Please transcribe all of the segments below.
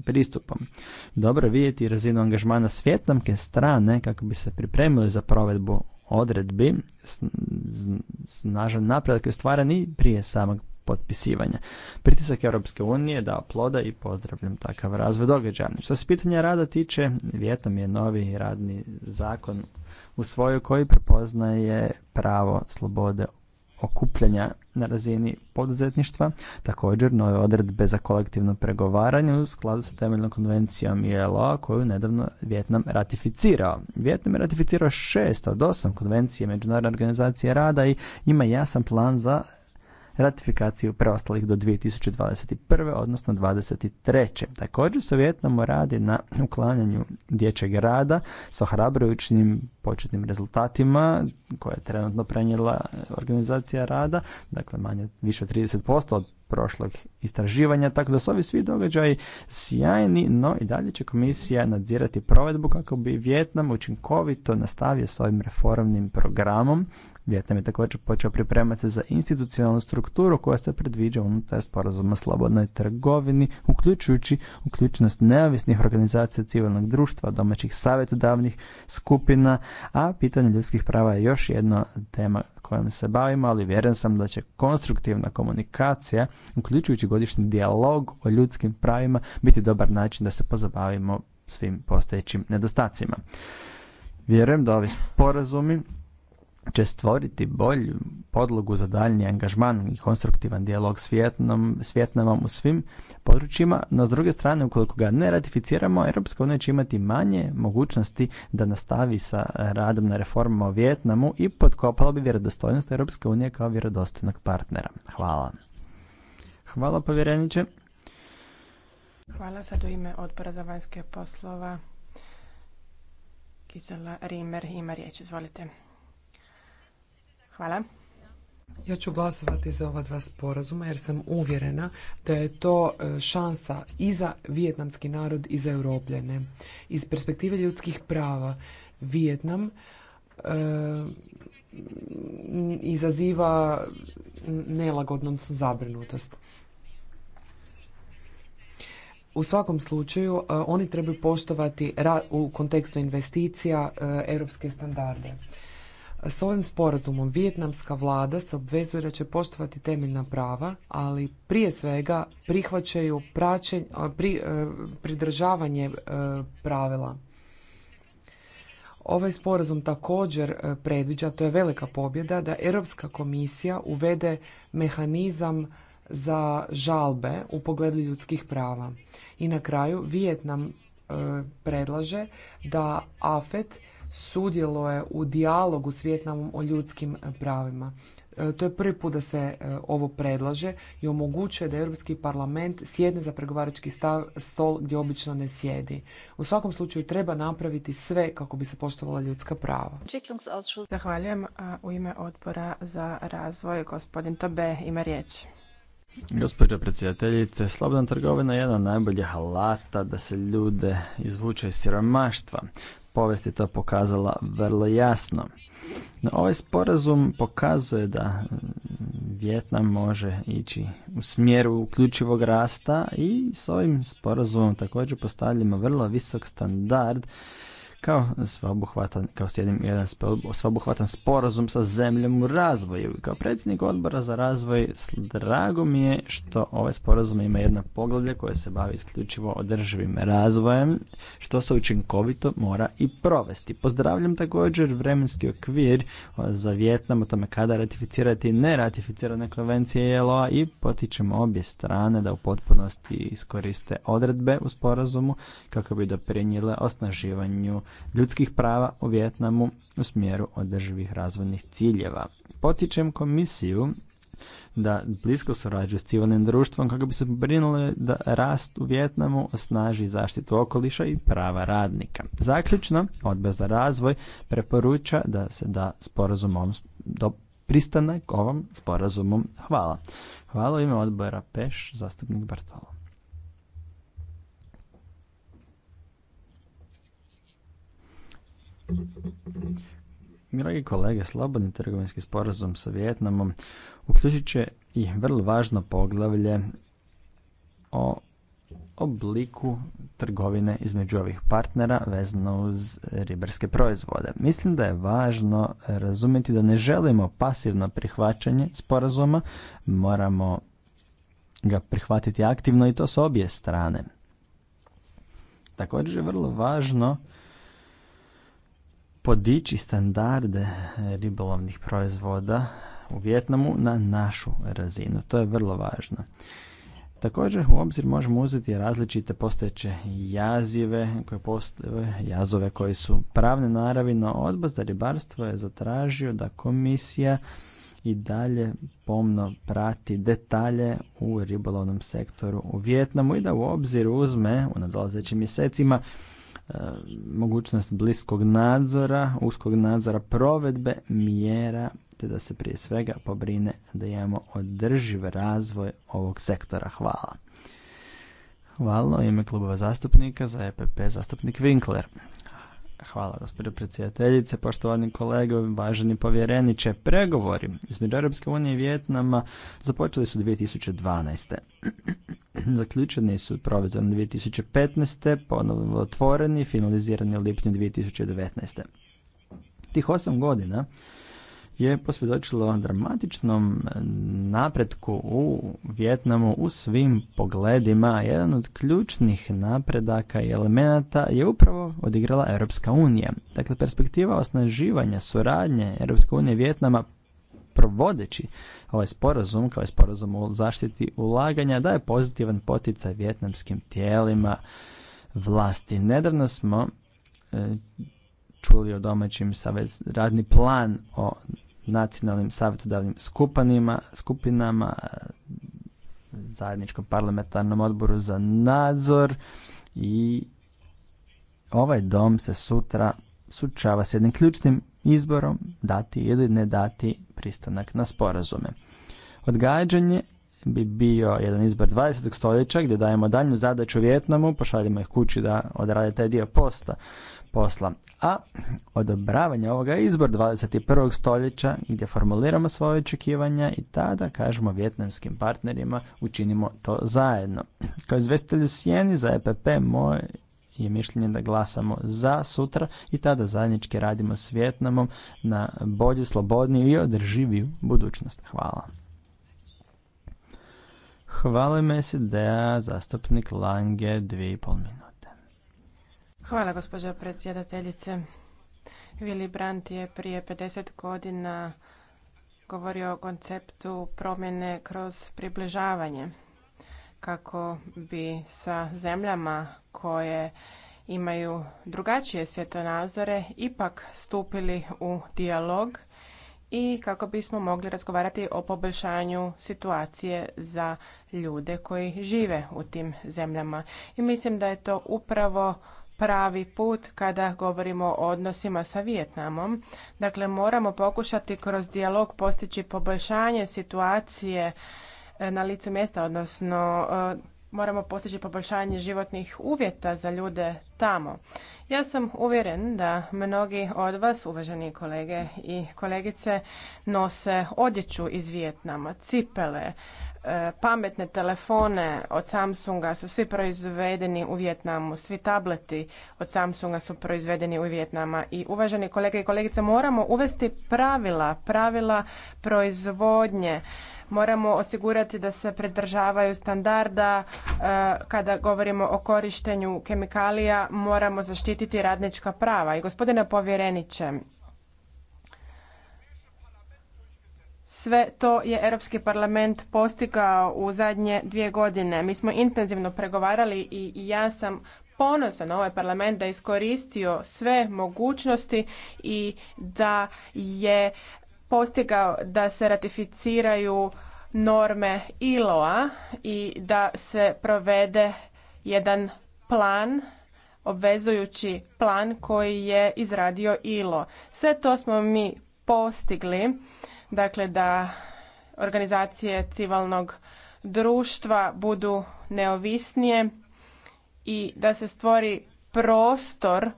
pristupom. Dobro vidjeti razinu angažmana s strane kako bi se pripremili za provedbu odredbi, snažan napredak je stvaran i prije samog potpisivanja. Pritisak Europske unije da ploda i pozdravljam takav razvoj događaja. Što se pitanja rada tiče, Vjetnam je novi radni zakon u svoju koji prepoznaje pravo slobode okupljanja na razini poduzetništva, također nove odredbe za kolektivno pregovaranje u skladu sa temeljnom konvencijom ILO koju nedavno Vjetnam ratificirao. Vjetnam je ratificirao šest od osam konvencije Međunarodne organizacije rada i ima jasan plan za ratifikaciju preostalih do 2021. odnosno 2023. Također se Vjetnamo radi na uklanjanju dječjeg rada sa ohrabrujućim početnim rezultatima koje je trenutno prenijela organizacija rada, dakle manje, više od 30% od prošlog istraživanja, tako da su ovi svi događaji sjajni, no i dalje će komisija nadzirati provedbu kako bi Vjetnam učinkovito nastavio ovim reformnim programom. Vjetnam je također počeo pripremati se za institucionalnu strukturu koja se predviđa unutar sporazuma slobodnoj trgovini, uključujući uključnost neovisnih organizacija civilnog društva, domaćih savjetodavnih skupina, a pitanje ljudskih prava je još jedna tema kojom se bavimo, ali vjeren sam da će konstruktivna komunikacija, uključujući godišnji dijalog o ljudskim pravima, biti dobar način da se pozabavimo svim postojećim nedostacima. Vjerujem da ovi sporazumi će stvoriti bolju podlogu za daljnji angažman i konstruktivan dijalog s, Vjetnom, Vjetnamom u svim područjima, no s druge strane, ukoliko ga ne ratificiramo, Europska unija će imati manje mogućnosti da nastavi sa radom na reformama u Vjetnamu i potkopala bi vjerodostojnost Europske unije kao vjerodostojnog partnera. Hvala. Hvala povjereniče. Hvala sad u ime odbora za vanjske poslova. Kisela Rimer ima riječ, izvolite. Hvala. Ja ću glasovati za ova dva sporazuma jer sam uvjerena da je to e, šansa i za vijetnamski narod i za europljane. Iz perspektive ljudskih prava Vijetnam e, izaziva nelagodnom zabrinutost. U svakom slučaju e, oni trebaju poštovati u kontekstu investicija europske standarde. S ovim sporazumom vijetnamska vlada se obvezuje da će poštovati temeljna prava, ali prije svega prihvaćaju e, pridržavanje e, pravila. Ovaj sporazum također e, predviđa, to je velika pobjeda, da Europska komisija uvede mehanizam za žalbe u pogledu ljudskih prava. I na kraju Vijetnam predlaže da AFET je u dijalogu s Vjetnamom o ljudskim pravima. E, to je prvi put da se e, ovo predlaže i omogućuje da Europski parlament sjedne za pregovarački stol gdje obično ne sjedi. U svakom slučaju treba napraviti sve kako bi se poštovala ljudska prava. Zahvaljujem. U ime odbora za razvoj gospodin Tobe ima riječ. Gospođo predsjedateljice, slobodna trgovina je jedan od najboljih alata da se ljude izvuče iz siromaštva povijest je to pokazala vrlo jasno. ovaj sporazum pokazuje da Vjetnam može ići u smjeru uključivog rasta i s ovim sporazumom također postavljamo vrlo visok standard kao svobuhvatan kao sjedim sporazum sa zemljom u razvoju. Kao predsjednik odbora za razvoj, drago mi je što ovaj sporazum ima jedno poglavlje koje se bavi isključivo održivim razvojem, što se učinkovito mora i provesti. Pozdravljam također vremenski okvir za Vjetnam o tome kada ratificirati neratificirane ne konvencije ilo i potičemo obje strane da u potpunosti iskoriste odredbe u sporazumu kako bi doprinijele osnaživanju ljudskih prava u Vjetnamu u smjeru održivih razvojnih ciljeva. Potičem komisiju da blisko surađuje s civilnim društvom kako bi se brinuli da rast u Vjetnamu osnaži zaštitu okoliša i prava radnika. Zaključno, odbor za razvoj preporuča da se da sporazumom do pristanak ovom sporazumom. Hvala. Hvala u ime odbora Peš, zastupnik Bartolo. Dragi kolege, slobodni trgovinski sporazum sa Vijetnamom uključit će i vrlo važno poglavlje o obliku trgovine između ovih partnera vezano uz ribarske proizvode. Mislim da je važno razumjeti da ne želimo pasivno prihvaćanje sporazuma, moramo ga prihvatiti aktivno i to s obje strane. Također je vrlo važno podići standarde ribolovnih proizvoda u Vjetnamu na našu razinu. To je vrlo važno. Također u obzir možemo uzeti različite postojeće jazive koje postoje, jazove koji su pravne naravi, no odbor za ribarstvo je zatražio da komisija i dalje pomno prati detalje u ribolovnom sektoru u Vjetnamu i da u obzir uzme u nadolazećim mjesecima E, mogućnost bliskog nadzora, uskog nadzora provedbe mjera te da se prije svega pobrine da imamo održiv razvoj ovog sektora. Hvala. Hvala u ime klubova zastupnika za EPP zastupnik Winkler. Hvala gospođo predsjedateljice, poštovani kolege, uvaženi povjereniče. Pregovori između Europske unije i Vjetnama započeli su 2012. Zaključeni su provizorom 2015. ponovno otvoreni i finalizirani u lipnju 2019. Tih osam godina je posvjedočilo dramatičnom napretku u Vjetnamu u svim pogledima. Jedan od ključnih napredaka i elemenata je upravo odigrala Europska unija. Dakle, perspektiva osnaživanja suradnje Europske unije Vjetnama provodeći ovaj sporazum kao je sporazum o zaštiti ulaganja daje pozitivan poticaj vjetnamskim tijelima vlasti. Nedavno smo e, čuli o domaćim savez radni plan o nacionalnim savjetodavnim skupanima, skupinama, e, zajedničkom parlamentarnom odboru za nadzor i ovaj dom se sutra sučava s jednim ključnim izborom dati ili ne dati pristanak na sporazume. Odgađanje bi bio jedan izbor 20. stoljeća gdje dajemo daljnju zadaću Vjetnamu, pošaljimo ih kući da odrade taj dio posta posla. A odobravanje ovoga je izbor 21. stoljeća gdje formuliramo svoje očekivanja i tada kažemo vjetnamskim partnerima učinimo to zajedno. Kao izvestitelj u Sjeni za EPP moj je mišljenje da glasamo za sutra i tada zajednički radimo s Vjetnamom na bolju, slobodniju i održiviju budućnost. Hvala. Hvala me se da zastupnik Lange dvije i pol minuta. Hvala gospođo predsjedateljice. Willy Brandt je prije 50 godina govorio o konceptu promjene kroz približavanje kako bi sa zemljama koje imaju drugačije svjetonazore ipak stupili u dijalog i kako bismo mogli razgovarati o poboljšanju situacije za ljude koji žive u tim zemljama. I mislim da je to upravo pravi put kada govorimo o odnosima sa Vijetnamom. Dakle, moramo pokušati kroz dijalog postići poboljšanje situacije e, na licu mjesta, odnosno e, moramo postići poboljšanje životnih uvjeta za ljude tamo. Ja sam uvjeren da mnogi od vas, uvaženi kolege i kolegice, nose odjeću iz Vijetnama, cipele, pametne telefone od Samsunga su svi proizvedeni u Vjetnamu, svi tableti od Samsunga su proizvedeni u Vjetnama i uvaženi kolege i kolegice moramo uvesti pravila, pravila proizvodnje. Moramo osigurati da se pridržavaju standarda e, kada govorimo o korištenju kemikalija, moramo zaštititi radnička prava. I gospodine povjereniče, Sve to je Europski parlament postigao u zadnje dvije godine. Mi smo intenzivno pregovarali i ja sam ponosan ovaj parlament da je iskoristio sve mogućnosti i da je postigao da se ratificiraju norme ILO-a i da se provede jedan plan obvezujući plan koji je izradio ILO. Sve to smo mi postigli dakle da organizacije civilnog društva budu neovisnije i da se stvori prostor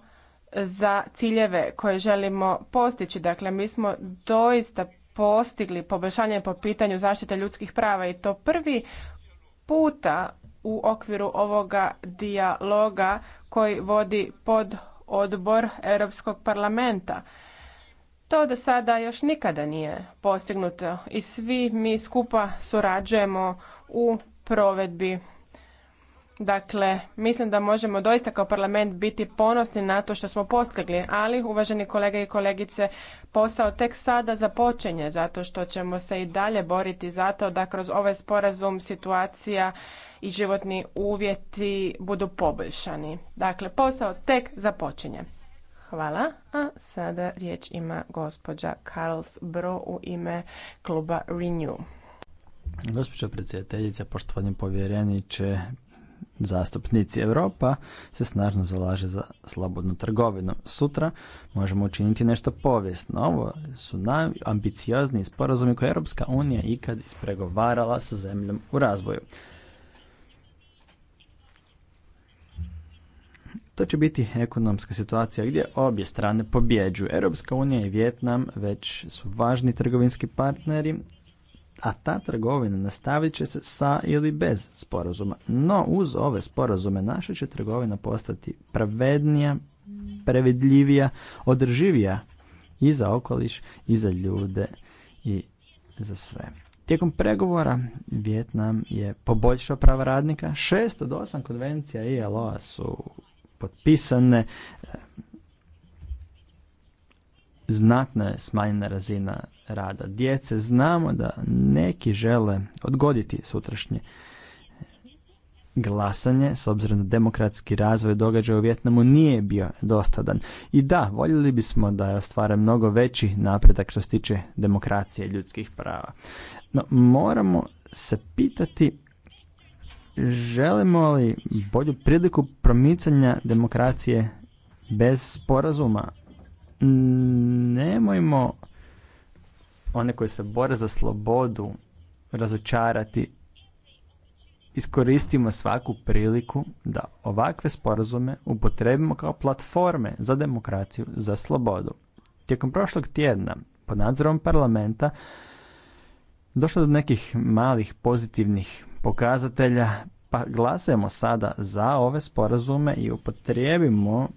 za ciljeve koje želimo postići. Dakle, mi smo doista postigli poboljšanje po pitanju zaštite ljudskih prava i to prvi puta u okviru ovoga dijaloga koji vodi pod odbor Europskog parlamenta. To do sada još nikada nije postignuto i svi mi skupa surađujemo u provedbi. Dakle, mislim da možemo doista kao parlament biti ponosni na to što smo postigli, ali uvaženi kolege i kolegice, posao tek sada započinje zato što ćemo se i dalje boriti zato da kroz ovaj sporazum situacija i životni uvjeti budu poboljšani. Dakle, posao tek započinje. Hvala. A sada riječ ima gospođa Karls Bro u ime kluba Renew. gospođa predsjedateljica poštovani povjereniče, zastupnici Europa se snažno zalaže za slobodnu trgovinu. Sutra možemo učiniti nešto povijesno. Ovo su najambiciozniji sporazumi koje Europska unija ikad ispregovarala sa zemljom u razvoju. To će biti ekonomska situacija gdje obje strane pobjeđuju. Europska unija i Vjetnam već su važni trgovinski partneri, a ta trgovina nastavit će se sa ili bez sporazuma. No, uz ove sporazume naša će trgovina postati pravednija, prevedljivija, održivija i za okoliš, i za ljude, i za sve. Tijekom pregovora Vjetnam je poboljšao prava radnika. Šest od osam konvencija ILO-a su potpisane, e, znatno je smanjena razina rada djece. Znamo da neki žele odgoditi sutrašnje e, glasanje, s obzirom da demokratski razvoj događaja u Vjetnamu nije bio dostadan. I da, voljeli bismo da je ostvare mnogo veći napredak što se tiče demokracije ljudskih prava. No, moramo se pitati Želimo li bolju priliku promicanja demokracije bez sporazuma? Nemojmo one koji se bore za slobodu razočarati. Iskoristimo svaku priliku da ovakve sporazume upotrebimo kao platforme za demokraciju, za slobodu. Tijekom prošlog tjedna, pod nadzorom parlamenta, došlo do nekih malih pozitivnih pokazatelja, pa glasajmo sada za ove sporazume i upotrijebimo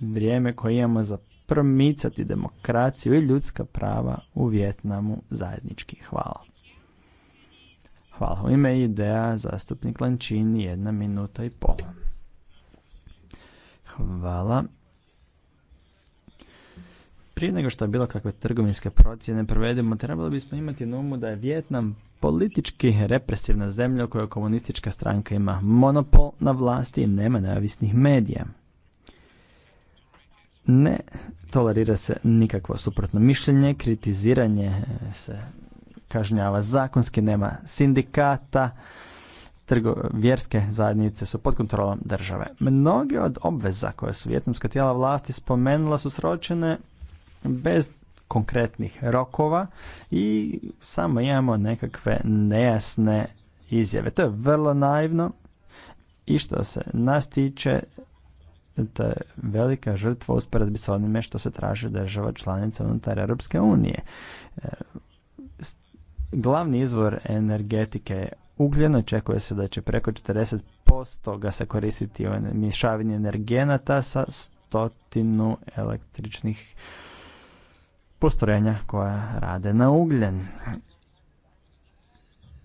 vrijeme koje imamo za promicati demokraciju i ljudska prava u Vjetnamu zajednički. Hvala. Hvala. U ime ideja zastupnik Lančini, jedna minuta i pola. Hvala. Prije nego što bilo kakve trgovinske procjene provedemo, trebali bismo imati na umu da je Vjetnam politički represivna zemlja u kojoj komunistička stranka ima monopol na vlasti i nema neovisnih medija. Ne tolerira se nikakvo suprotno mišljenje, kritiziranje se kažnjava zakonski, nema sindikata, trgo, vjerske zajednice su pod kontrolom države. Mnoge od obveza koje su vjetnamska tijela vlasti spomenula su sročene bez konkretnih rokova i samo imamo nekakve nejasne izjave. To je vrlo naivno i što se nas tiče to je velika žrtva usporedbi s onime što se traži država članica unutar Europske unije. E, glavni izvor energetike je ugljen, očekuje se da će preko 40% ga se koristiti u mješavanju energenata sa stotinu električnih postrojenja koja rade na ugljen.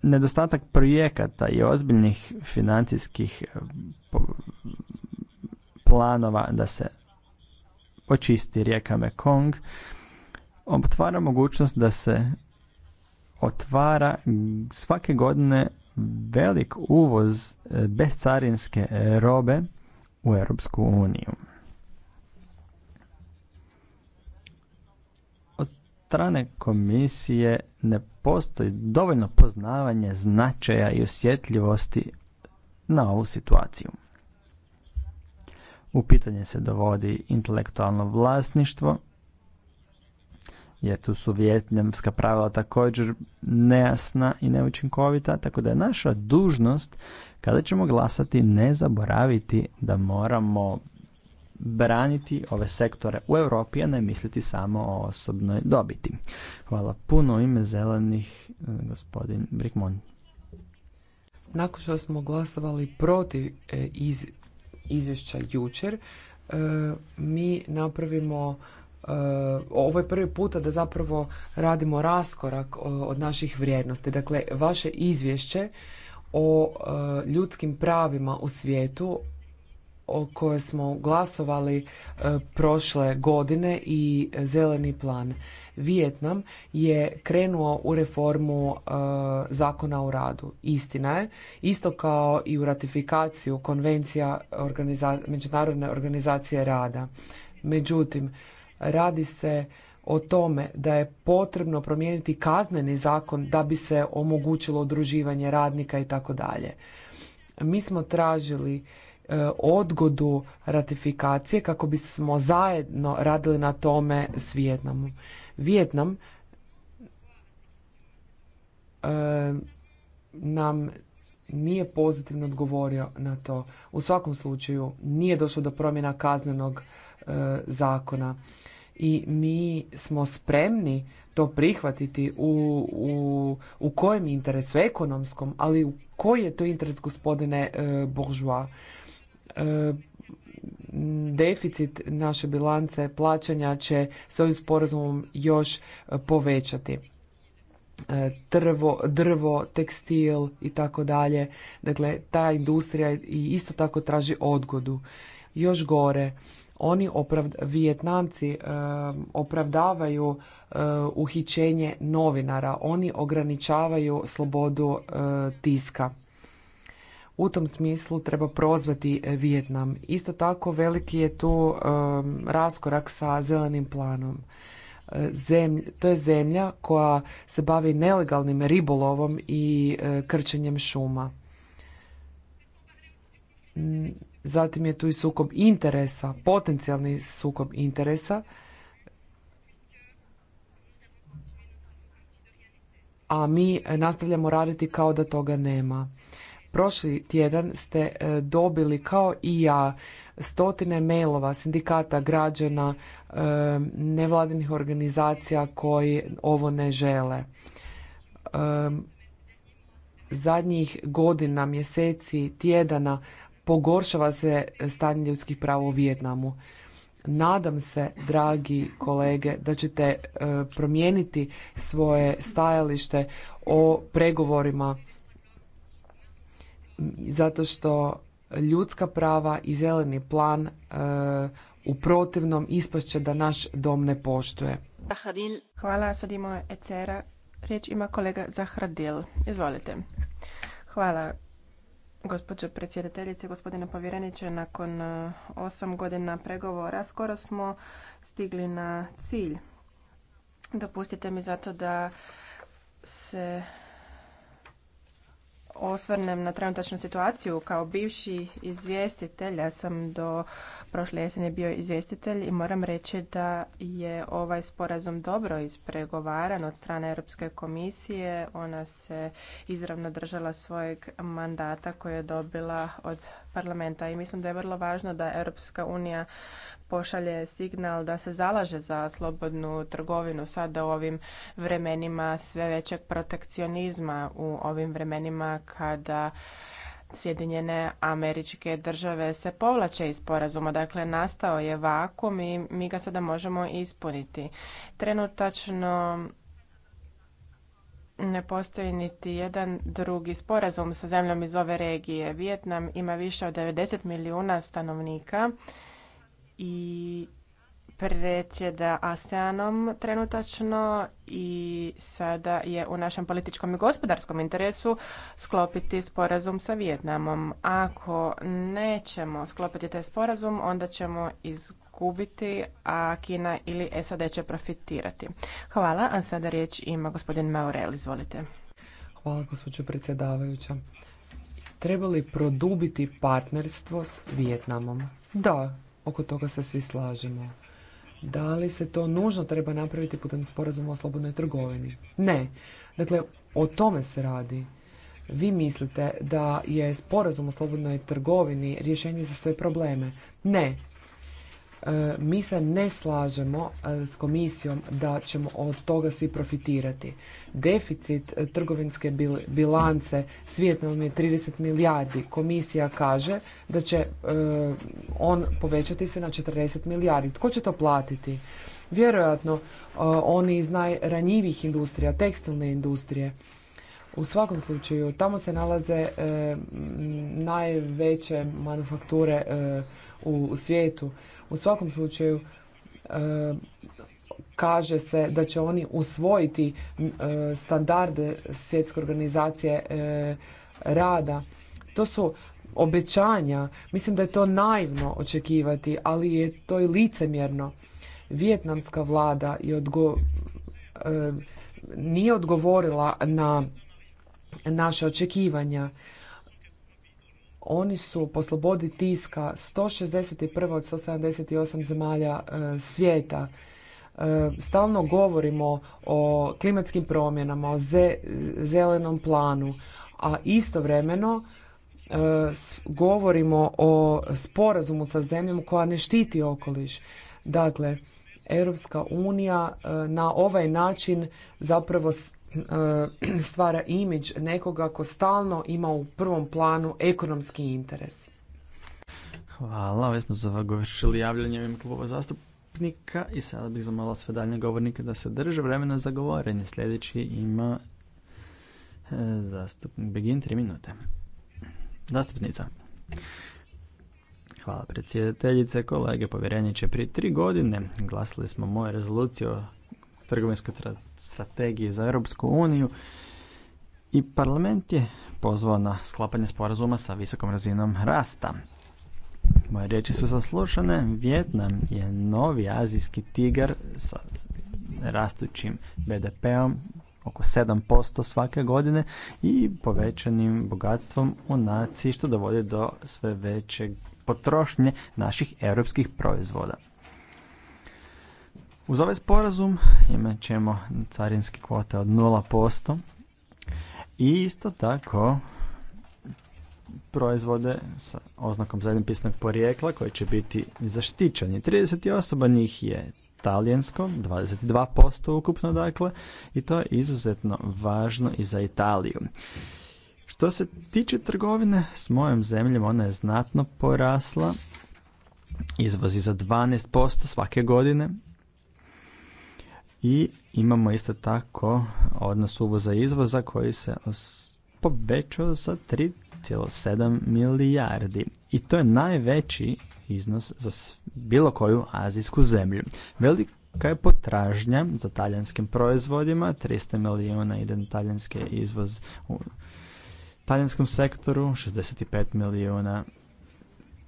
Nedostatak projekata i ozbiljnih financijskih eh, planova da se očisti rijeka Mekong otvara mogućnost da se otvara svake godine velik uvoz eh, bezcarinske robe u Europsku uniju. strane komisije ne postoji dovoljno poznavanje značaja i osjetljivosti na ovu situaciju. U pitanje se dovodi intelektualno vlasništvo, jer tu su vjetnjamska pravila također nejasna i neučinkovita, tako da je naša dužnost kada ćemo glasati ne zaboraviti da moramo braniti ove sektore u Europi, a ne misliti samo o osobnoj dobiti. Hvala puno ime zelenih, e, gospodin Brikmon. Nakon što smo glasovali protiv e, iz, izvješća jučer, e, mi napravimo ovo je prvi puta da zapravo radimo raskorak od naših vrijednosti. Dakle, vaše izvješće o ljudskim pravima u svijetu o kojoj smo glasovali e, prošle godine i zeleni plan. Vijetnam je krenuo u reformu e, zakona o radu. Istina je, isto kao i u ratifikaciju konvencija Međunarodne organizacije rada. Međutim, radi se o tome da je potrebno promijeniti kazneni zakon da bi se omogućilo odruživanje radnika i tako dalje. Mi smo tražili E, odgodu ratifikacije kako bismo zajedno radili na tome s Vijetnamom. Vijetnam e, nam nije pozitivno odgovorio na to. U svakom slučaju nije došlo do promjena kaznenog e, zakona. I mi smo spremni to prihvatiti u, u, u kojem interesu ekonomskom, ali u koji je to interes gospodine e, Bourgeois. E, deficit naše bilance plaćanja će s ovim sporazumom još e, povećati. E, trvo, drvo, tekstil i tako dalje. Dakle, ta industrija isto tako traži odgodu. Još gore, oni opravd, Vijetnamci opravdavaju uhićenje novinara, oni ograničavaju slobodu tiska u tom smislu treba prozvati e, Vijetnam. Isto tako veliki je tu raskorak sa zelenim planom. E, to je zemlja koja se bavi nelegalnim ribolovom i e, krčenjem šuma. Zatim je tu i sukob interesa, potencijalni sukob interesa. A mi nastavljamo raditi kao da toga nema. Prošli tjedan ste e, dobili kao i ja stotine mailova sindikata građana, e, nevladinih organizacija koji ovo ne žele. E, zadnjih godina, mjeseci, tjedana pogoršava se stanje ljudskih prava u Vijetnamu. Nadam se, dragi kolege, da ćete promijeniti svoje stajalište o pregovorima zato što ljudska prava i zeleni plan e, u protivnom ispašće da naš dom ne poštuje. Hvala, sad imamo Ecera Riječ ima kolega Zahradil. Izvolite. Hvala, gospođo predsjedateljice, gospodine povjereniče. Nakon e, osam godina pregovora skoro smo stigli na cilj. Dopustite mi zato da se osvrnem na trenutačnu situaciju. Kao bivši izvjestitelj, ja sam do prošle jesene bio izvjestitelj i moram reći da je ovaj sporazum dobro ispregovaran od strane Europske komisije. Ona se izravno držala svojeg mandata koje je dobila od parlamenta i mislim da je vrlo važno da Europska unija pošalje signal da se zalaže za slobodnu trgovinu sada u ovim vremenima sve većeg protekcionizma u ovim vremenima kada Sjedinjene američke države se povlače iz sporazuma, dakle nastao je vakum i mi ga sada možemo ispuniti. Trenutačno ne postoji niti jedan drugi sporazum sa zemljom iz ove regije. Vijetnam ima više od 90 milijuna stanovnika i predsjeda ASEANom trenutačno i sada je u našem političkom i gospodarskom interesu sklopiti sporazum sa Vijetnamom. Ako nećemo sklopiti taj sporazum, onda ćemo izgubiti kubiti, a Kina ili SAD će profitirati. Hvala, a sada riječ ima gospodin Maurel, izvolite. Hvala gospođo predsjedavajuća. Treba li produbiti partnerstvo s Vijetnamom? Da, oko toga se svi slažemo. Da li se to nužno treba napraviti putem sporazuma o slobodnoj trgovini? Ne. Dakle, o tome se radi. Vi mislite da je sporazum o slobodnoj trgovini rješenje za sve probleme? Ne. E, mi se ne slažemo e, s komisijom da ćemo od toga svi profitirati. Deficit e, trgovinske bilance svijet je 30 milijardi. Komisija kaže da će on povećati se na 40 milijardi. Tko će to platiti? Vjerojatno oni iz najranjivih industrija, tekstilne industrije. U svakom slučaju, tamo se nalaze najveće manufakture u svijetu u svakom slučaju e, kaže se da će oni usvojiti e, standarde svjetske organizacije e, rada. To su obećanja. Mislim da je to naivno očekivati, ali je to i licemjerno. Vijetnamska vlada je nije odgovorila na naše očekivanja. Oni su po slobodi tiska 161 od 178 zemalja e, svijeta. E, stalno govorimo o klimatskim promjenama, o zelenom planu, a istovremeno e, govorimo o sporazumu sa zemljom koja ne štiti okoliš. Dakle, Europska unija na ovaj način zapravo E, stvara imidž nekoga ko stalno ima u prvom planu ekonomski interes. Hvala, već smo završili javljanje u ime kluba zastupnika i sada bih zamala sve daljne govornike da se drže vremena za govorenje. Sljedeći ima e, zastupnik Begin, tri minute. Zastupnica. Hvala predsjedateljice, kolege, povjereniče. Prije tri godine glasili smo moje rezoluciju o trgovinske strategije za Europsku uniju i parlament je pozvao na sklapanje sporazuma sa visokom razinom rasta. Moje riječi su saslušane. Vjetnam je novi azijski tigar sa rastućim BDP-om oko 7% svake godine i povećanim bogatstvom u naciji što dovodi do sve većeg potrošnje naših europskih proizvoda. Uz ovaj sporazum imat ćemo carinske kvote od 0% i isto tako proizvode sa oznakom zemljopisnog porijekla koji će biti zaštićeni. 30 osoba njih je talijansko, 22% ukupno dakle, i to je izuzetno važno i za Italiju. Što se tiče trgovine s mojom zemljom, ona je znatno porasla, izvozi za 12% svake godine, i imamo isto tako odnos uvoza i izvoza koji se povećao sa 3,7 milijardi. I to je najveći iznos za bilo koju azijsku zemlju. Velika je potražnja za talijanskim proizvodima, 300 milijuna ide na talijanski izvoz u talijanskom sektoru, 65 milijuna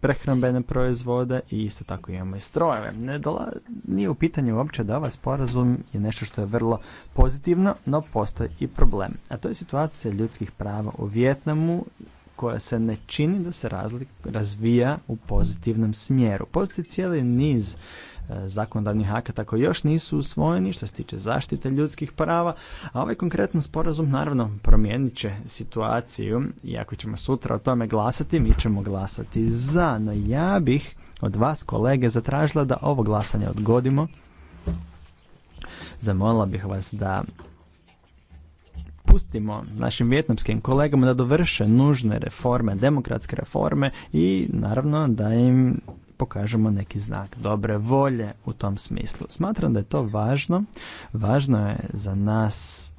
prehrambene proizvode i isto tako imamo i strojeve. Ne dola, nije u pitanju uopće da ovaj sporazum je nešto što je vrlo pozitivno, no postoji i problem. A to je situacija ljudskih prava u Vjetnamu koja se ne čini da se razvija u pozitivnom smjeru. Postoji cijeli niz e, zakonodavnih akata koji još nisu usvojeni što se tiče zaštite ljudskih prava, a ovaj konkretno sporazum naravno promijenit će situaciju i ako ćemo sutra o tome glasati, mi ćemo glasati za, no ja bih od vas kolege zatražila da ovo glasanje odgodimo. Zamolila bih vas da pustimo našim vjetnamskim kolegama da dovrše nužne reforme, demokratske reforme i naravno da im pokažemo neki znak dobre volje u tom smislu. Smatram da je to važno. Važno je za nas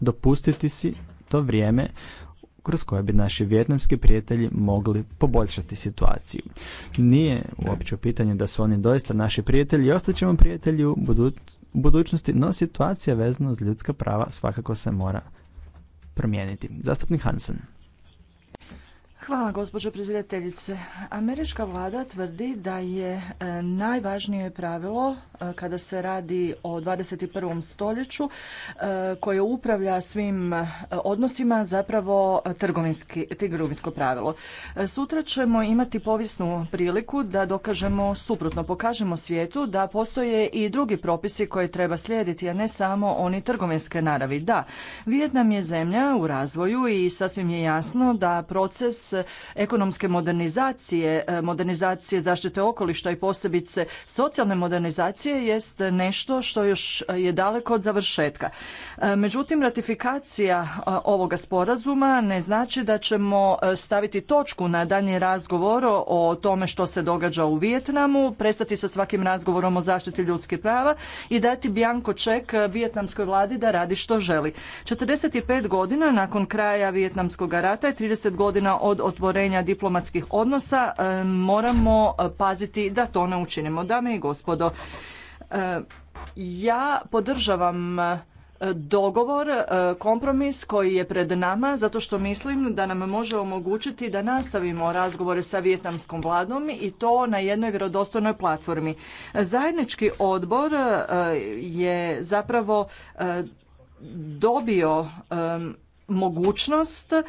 dopustiti si to vrijeme kroz koje bi naši vjetnamski prijatelji mogli poboljšati situaciju. Nije uopće pitanje da su oni doista naši prijatelji i ostaćemo prijatelji u budućnosti, no situacija vezana uz ljudska prava svakako se mora promijeniti. Zastupnik Hansen. Hvala, gospođo predsjedateljice. Američka vlada tvrdi da je e, najvažnije pravilo e, kada se radi o 21. stoljeću e, koje upravlja svim odnosima zapravo trgovinsko pravilo. Sutra ćemo imati povisnu priliku da dokažemo suprotno, pokažemo svijetu da postoje i drugi propisi koje treba slijediti, a ne samo oni trgovinske naravi. Da, Vijetnam je zemlja u razvoju i sasvim je jasno da proces ekonomske modernizacije, e, modernizacije zaštite okolišta i posebice socijalne modernizacije jest nešto što još e, je daleko od završetka. E, međutim, ratifikacija ovoga sporazuma ne znači da ćemo staviti točku na danje razgovor o tome što se događa u Vijetnamu, prestati sa svakim razgovorom o zaštiti ljudskih prava i dati bjanko ček vijetnamskoj vladi da radi što želi. 45 godina nakon kraja vijetnamskog rata i 30 godina od otvorenja diplomatskih odnosa e, moramo e, paziti da to ne učinimo. Dame i gospodo, e, ja podržavam dogovor, kompromis koji je pred nama zato što mislim da nam može omogućiti da nastavimo razgovore sa vijetnamskom vladom i to na jednoj vjerodostojnoj platformi. Zajednički odbor je zapravo dobio mogućnost e,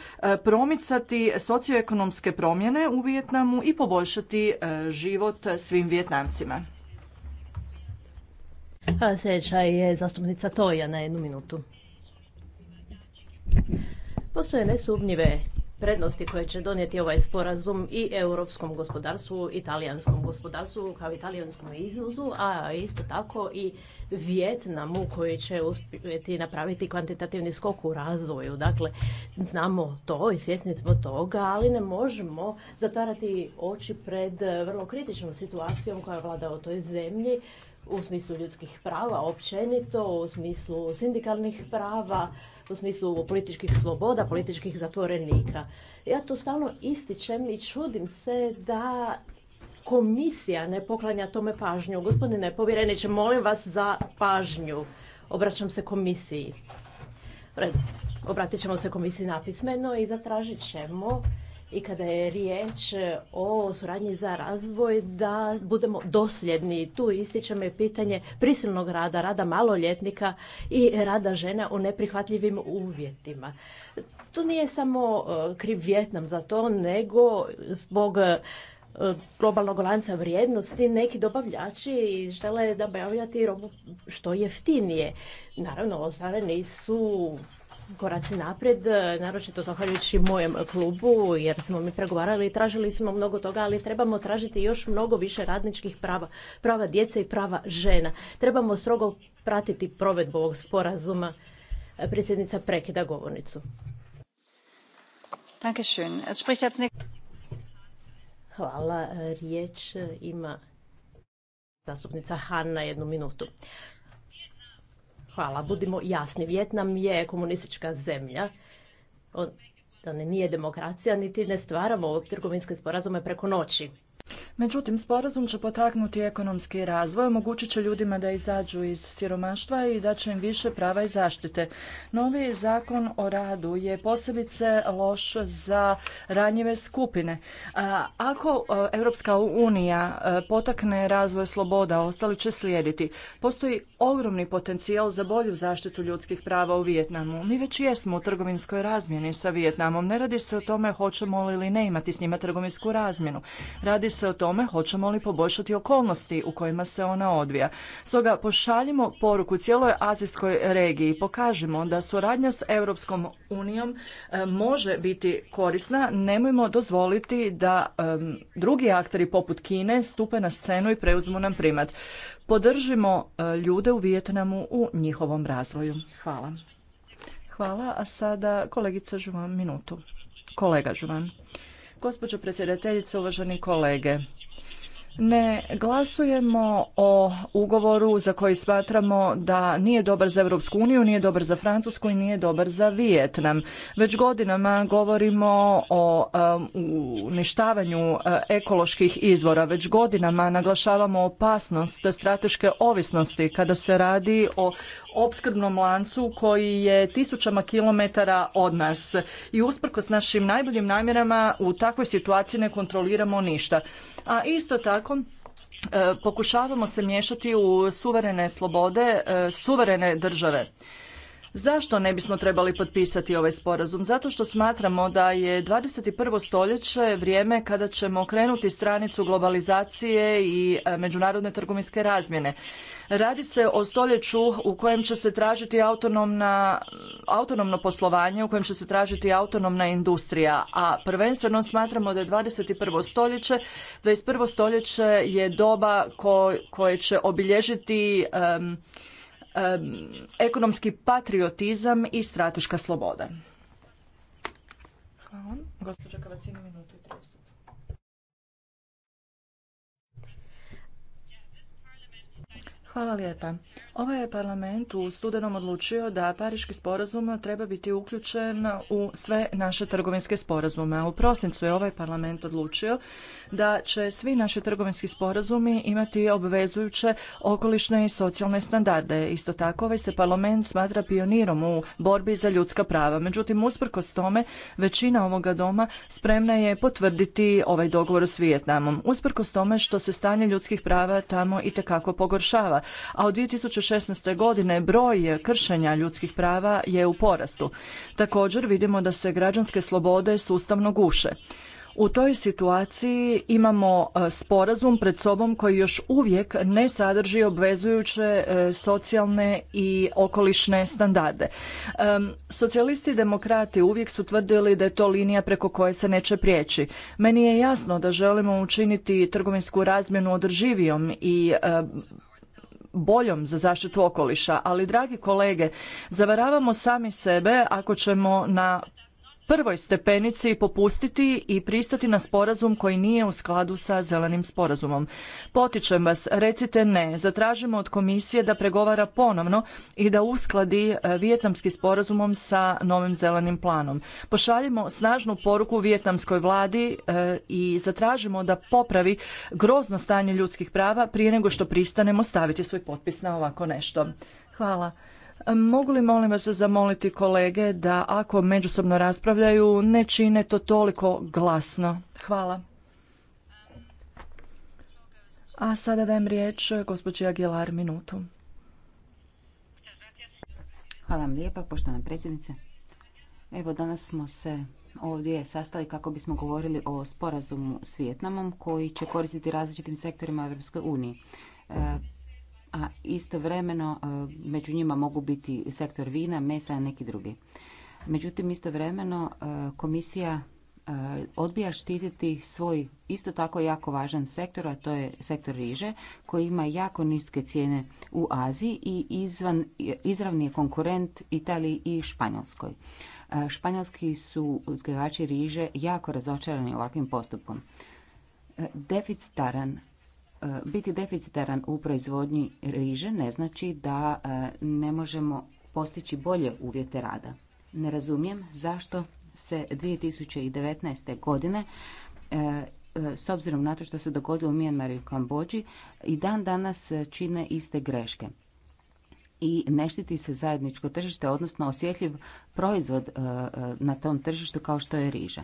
promicati socioekonomske promjene u Vijetnamu i poboljšati e, život svim vijetnamcima sljedeća je zastupnica Toja na jednu minutu. Postoje nesumnjive prednosti koje će donijeti ovaj sporazum i europskom gospodarstvu, italijanskom gospodarstvu kao i talijanskom izvozu, a isto tako i Vjetnamu koji će uspjeti napraviti kvantitativni skok u razvoju. Dakle, znamo to i svjesni smo toga, ali ne možemo zatvarati oči pred vrlo kritičnom situacijom koja vlada u toj zemlji u smislu ljudskih prava općenito, u smislu sindikalnih prava, u smislu političkih sloboda, političkih zatvorenika. Ja to stalno ističem i čudim se da komisija ne poklanja tome pažnju. Gospodine povjereniče, molim vas za pažnju. Obraćam se komisiji. obratit ćemo se komisiji napismeno i zatražit ćemo i kada je riječ e, o suradnji za razvoj da budemo dosljedni. Tu ističemo i pitanje prisilnog rada, rada maloljetnika i rada žena u neprihvatljivim uvjetima. To nije samo e, kriv Vjetnam za to, nego zbog e, globalnog lanca vrijednosti neki dobavljači žele dobavljati robu što jeftinije. Naravno, ostvareni su koraci naprijed, e, naročito zahvaljujući mojem klubu, jer smo mi pregovarali i tražili smo mnogo toga, ali trebamo tražiti još mnogo više radničkih prava, prava djece i prava žena. Trebamo strogo pratiti provedbu ovog sporazuma. E, predsjednica prekida govornicu. Hvala. E, riječ ima zastupnica Hanna jednu minutu. Hvala, budimo jasni. Vjetnam je komunistička zemlja. Da ne nije demokracija, niti ne stvaramo trgovinske sporazume preko noći. Međutim, sporazum će potaknuti ekonomski razvoj, omogućit će ljudima da izađu iz siromaštva i da će im više prava i zaštite. Novi zakon o radu je posebice loš za ranjive skupine. Ako e, Europska unija e, potakne razvoj sloboda, ostali će slijediti. Postoji ogromni potencijal za bolju zaštitu ljudskih prava u Vijetnamu. Mi već jesmo u trgovinskoj razmjeni sa Vijetnamom. Ne radi se o tome hoćemo li ili ne imati s njima trgovinsku razmjenu. Radi se o tome hoćemo li poboljšati okolnosti u kojima se ona odvija. Stoga pošaljimo poruku cijeloj azijskoj regiji. Pokažemo da suradnja s Europskom unijom e, može biti korisna. Nemojmo dozvoliti da drugi akteri poput Kine stupe na scenu i preuzmu nam primat podržimo e, ljude u Vijetnamu u njihovom razvoju. Hvala. Hvala, a sada kolegica Žuvan minutu. Kolega Žuvan. Gospođo predsjedateljice, uvaženi kolege, ne glasujemo o ugovoru za koji smatramo da nije dobar za Europsku uniju, nije dobar za Francusku i nije dobar za Vijetnam. Već godinama govorimo o um, uništavanju uh, ekoloških izvora, već godinama naglašavamo opasnost strateške ovisnosti kada se radi o opskrbnom lancu koji je tisućama kilometara od nas i usprkos našim najboljim namjerama u takvoj situaciji ne kontroliramo ništa. A isto tako e, pokušavamo se miješati u suverene slobode, e, suverene države. Zašto ne bismo trebali potpisati ovaj sporazum? Zato što smatramo da je 21. stoljeće vrijeme kada ćemo okrenuti stranicu globalizacije i e, međunarodne trgovinske razmjene. Radi se o stoljeću u kojem će se tražiti autonomna, autonomno poslovanje, u kojem će se tražiti autonomna industrija, a prvenstveno smatramo da je 21. stoljeće, 21. stoljeće je doba ko, koje će obilježiti ekonomski patriotizam i strateška sloboda. Hvala. Gospođa Kavacini, minutu. Hvala lijepa. Ovaj je parlament u studenom odlučio da Pariški sporazum treba biti uključen u sve naše trgovinske sporazume. U prosincu je ovaj parlament odlučio da će svi naši trgovinski sporazumi imati obvezujuće okolišne i socijalne standarde. Isto tako ovaj se parlament smatra pionirom u borbi za ljudska prava. Međutim, usprkos tome, većina ovoga doma spremna je potvrditi ovaj dogovor s Vijetnamom. Usprkos tome što se stanje ljudskih prava tamo i tekako pogoršava a od 2016. godine broj kršenja ljudskih prava je u porastu. Također vidimo da se građanske slobode sustavno guše. U toj situaciji imamo e, sporazum pred sobom koji još uvijek ne sadrži obvezujuće e, socijalne i okolišne standarde. Socijalisti i demokrati uvijek su tvrdili da je to linija preko koje se neće prijeći. Meni je jasno da želimo učiniti trgovinsku razmjenu održivijom i e, boljom za zaštitu okoliša, ali dragi kolege, zavaravamo sami sebe ako ćemo na prvoj stepenici popustiti i pristati na sporazum koji nije u skladu sa zelenim sporazumom. Potičem vas, recite ne, zatražimo od komisije da pregovara ponovno i da uskladi e, vijetnamski sporazumom sa novim zelenim planom. Pošaljimo snažnu poruku vijetnamskoj vladi e, i zatražimo da popravi grozno stanje ljudskih prava prije nego što pristanemo staviti svoj potpis na ovako nešto. Hvala. Mogu li molim vas zamoliti kolege da ako međusobno raspravljaju ne čine to toliko glasno? Hvala. A sada dajem riječ gospođi Aguilar minutu. Hvala vam lijepa, poštovana predsjednice. Evo danas smo se ovdje sastali kako bismo govorili o sporazumu s Vjetnamom koji će koristiti različitim sektorima u Europskoj uniji. E, a istovremeno e, među njima mogu biti sektor vina, mesa i neki drugi. Međutim, istovremeno e, komisija e, odbija štititi svoj isto tako jako važan sektor, a to je sektor riže, koji ima jako niske cijene u Aziji i izvan, izravni je konkurent Italiji i Španjolskoj. Španjolski su uzgajivači riže jako razočarani ovakvim postupkom. Deficitaran E, biti deficitaran u proizvodnji riže ne znači da e, ne možemo postići bolje uvjete rada. Ne razumijem zašto se 2019. godine e, s obzirom na to što se dogodilo u Mijanmaru i Kambođi i dan danas čine iste greške i ne štiti se zajedničko tržište, odnosno osjetljiv proizvod na tom tržištu kao što je riža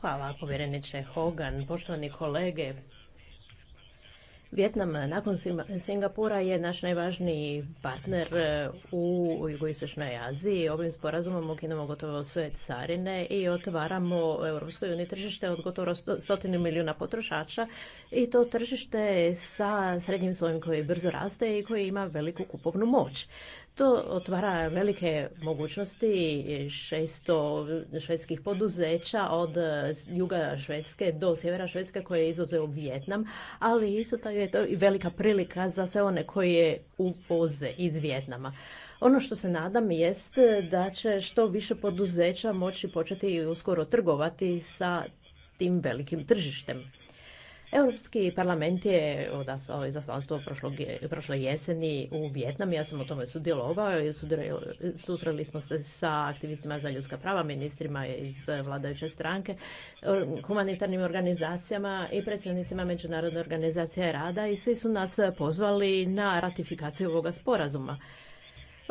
Hvala, povjereniče Hogan. Poštovani kolege, Vjetnam nakon Singapura je naš najvažniji partner eh, u jugoistočnoj Aziji. Ovim sporazumom ukinemo gotovo sve carine i otvaramo Europskoj uniji tržište od gotovo stotinu milijuna potrošača i to tržište sa srednjim svojim koji brzo raste i koji ima veliku kupovnu moć. To otvara velike mogućnosti 600 švedskih poduzeća od juga Švedske do sjevera Švedske koje je u Vjetnam, ali isto tako je to i velika prilika za sve one koje uvoze iz Vjetnama. Ono što se nadam jest da će što više poduzeća moći početi uskoro trgovati sa tim velikim tržištem. Europski parlament je odasao izaslanstvo prošle jeseni u Vjetnam. Ja sam o tome sudjelovao i susreli smo se sa aktivistima za ljudska prava, ministrima iz vladajuće stranke, humanitarnim organizacijama i predsjednicima Međunarodne organizacije rada i svi su nas pozvali na ratifikaciju ovoga sporazuma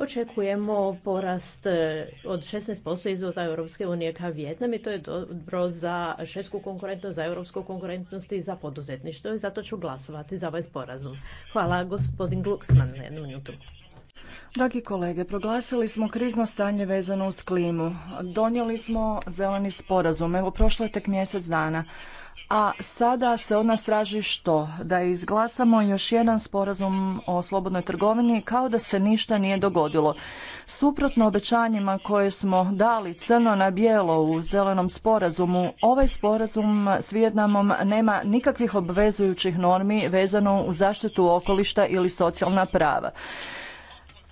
očekujemo porast e, od 16% izvoza Europske unije ka Vjetnam i to je dobro za šesku konkurentnost, za europsku konkurentnost i za poduzetništvo i zato ću glasovati za ovaj sporazum. Hvala gospodin Glucksman Dragi kolege, proglasili smo krizno stanje vezano uz klimu. Donijeli smo zeleni sporazum. Evo, prošlo je tek mjesec dana. A sada se od nas traži što? Da izglasamo još jedan sporazum o slobodnoj trgovini kao da se ništa nije dogodilo. Suprotno obećanjima koje smo dali crno na bijelo u zelenom sporazumu, ovaj sporazum s Vijetnamom nema nikakvih obvezujućih normi vezano u zaštitu okolišta ili socijalna prava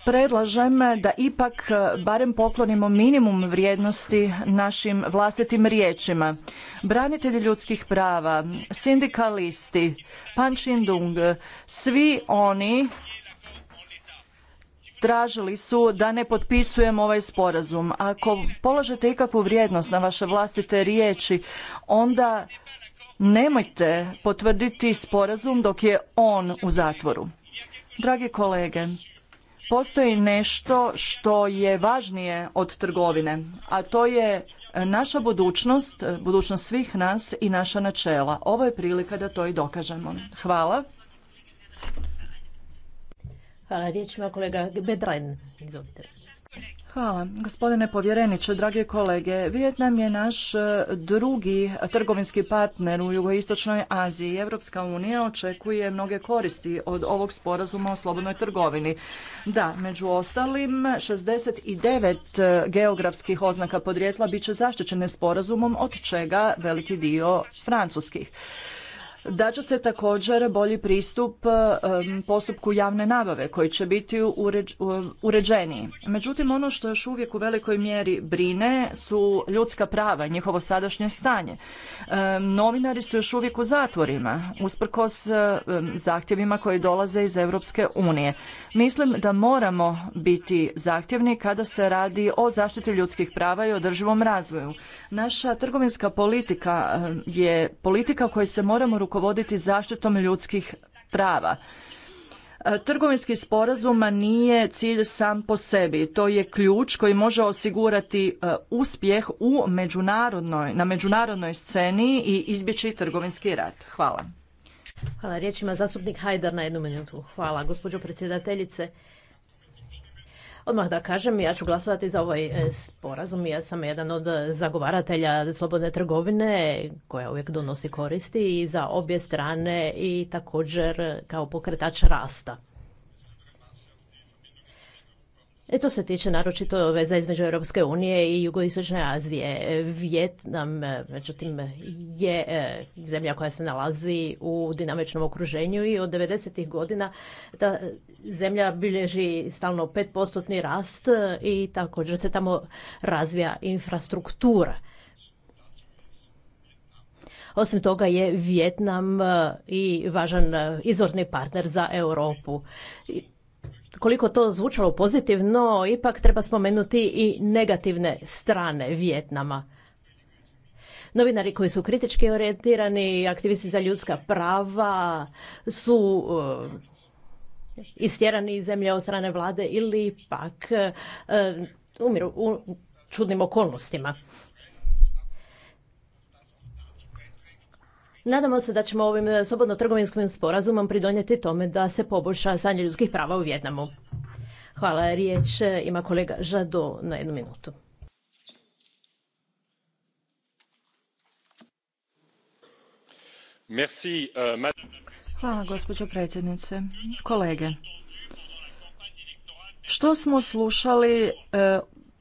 predlažem da ipak e, barem poklonimo minimum vrijednosti našim vlastitim riječima. Branitelji ljudskih prava, sindikalisti, Pan dung, svi oni tražili su da ne potpisujemo ovaj sporazum. Ako polažete ikakvu vrijednost na vaše vlastite riječi, onda nemojte potvrditi sporazum dok je on u zatvoru. Dragi kolege, postoji nešto što je važnije od trgovine, a to je naša budućnost, budućnost svih nas i naša načela. Ovo je prilika da to i dokažemo. Hvala. Hvala, riječ kolega Izvolite. Hvala. Gospodine povjereniče, drage kolege, Vijetnam je naš e, drugi trgovinski partner u jugoistočnoj Aziji. Evropska unija očekuje mnoge koristi od ovog sporazuma o slobodnoj trgovini. Da, među ostalim, 69 e, geografskih oznaka podrijetla bit će zaštićene sporazumom, od čega veliki dio francuskih će se također bolji pristup postupku javne nabave koji će biti uređeniji. Međutim, ono što još uvijek u velikoj mjeri brine su ljudska prava i njihovo sadašnje stanje. Novinari su još uvijek u zatvorima, usprkos zahtjevima koji dolaze iz Europske unije. Mislim da moramo biti zahtjevni kada se radi o zaštiti ljudskih prava i održivom razvoju. Naša trgovinska politika je politika kojoj se moramo rukovoditi rukovoditi zaštitom ljudskih prava. E, trgovinski sporazum nije cilj sam po sebi. To je ključ koji može osigurati e, uspjeh u međunarodnoj, na međunarodnoj sceni i izbjeći trgovinski rat. Hvala. Hvala ima zastupnik Hajdar na jednu minutu. Hvala gospođo predsjedateljice. Odmah da kažem, ja ću glasovati za ovaj e, sporazum. Ja sam jedan od e, zagovaratelja slobodne trgovine koja uvijek donosi koristi i za obje strane i također kao pokretač rasta. E to se tiče naročito veza između Europske unije i jugoistočne Azije. Vjetnam, e, međutim, je e, zemlja koja se nalazi u dinamičnom okruženju i od 90. godina ta zemlja bilježi stalno 5% rast e, i također se tamo razvija infrastruktura. Osim toga je Vjetnam i važan izvorni partner za Europu koliko to zvučalo pozitivno, ipak treba spomenuti i negativne strane Vjetnama. Novinari koji su kritički orijentirani, aktivisti za ljudska prava su eh, istjerani iz zemlje od strane vlade ili pak eh, umiru u čudnim okolnostima. Nadamo se da ćemo ovim e, slobodno trgovinskim sporazumom pridonijeti tome da se poboljša stanje ljudskih prava u Vjetnamu. Hvala. Riječ e, ima kolega Žado na jednu minutu. Merci, e, Hvala gospođo predsjednice. Kolege, što smo slušali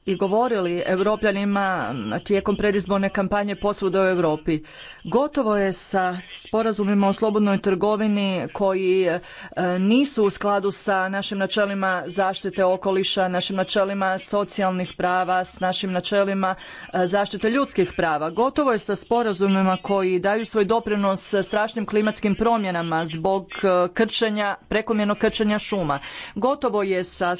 i govorili europljanima tijekom predizborne kampanje posvuda u Europi. Gotovo je sa sporazumima o slobodnoj trgovini koji e, nisu u skladu sa našim načelima zaštite okoliša, našim načelima socijalnih prava, s našim načelima e, zaštite ljudskih prava. Gotovo je sa sporazumima koji daju svoj doprinos strašnim klimatskim promjenama zbog e, krčenja, prekomjernog krčenja šuma. Gotovo je sa